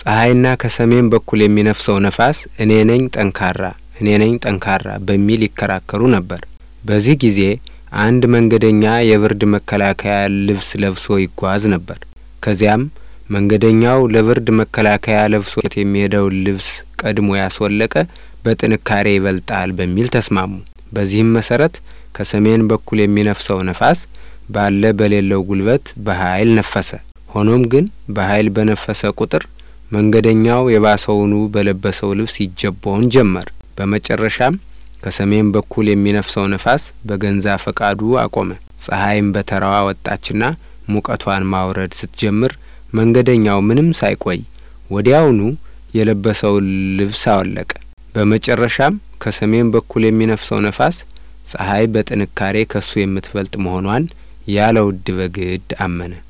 ፀሐይና ከሰሜን በኩል የሚነፍሰው ነፋስ እኔ ነኝ ጠንካራ እኔ ነኝ ጠንካራ በሚል ይከራከሩ ነበር። በዚህ ጊዜ አንድ መንገደኛ የብርድ መከላከያ ልብስ ለብሶ ይጓዝ ነበር። ከዚያም መንገደኛው ለብርድ መከላከያ ለብሶ የሚሄደው ልብስ ቀድሞ ያስወለቀ በጥንካሬ ይበልጣል በሚል ተስማሙ። በዚህም መሰረት ከሰሜን በኩል የሚነፍሰው ነፋስ ባለ በሌለው ጉልበት በኃይል ነፈሰ። ሆኖም ግን በኃይል በነፈሰ ቁጥር መንገደኛው የባሰውኑ በለበሰው ልብስ ይጀባውን ጀመር። በመጨረሻም ከሰሜን በኩል የሚነፍሰው ነፋስ በገንዛ ፈቃዱ አቆመ። ፀሐይም በተራዋ ወጣችና ሙቀቷን ማውረድ ስትጀምር መንገደኛው ምንም ሳይቆይ ወዲያውኑ የለበሰው ልብስ አወለቀ። በመጨረሻም ከሰሜን በኩል የሚነፍሰው ነፋስ ፀሐይ በጥንካሬ ከሱ የምትበልጥ መሆኗን ያለ ውድ በግድ አመነ።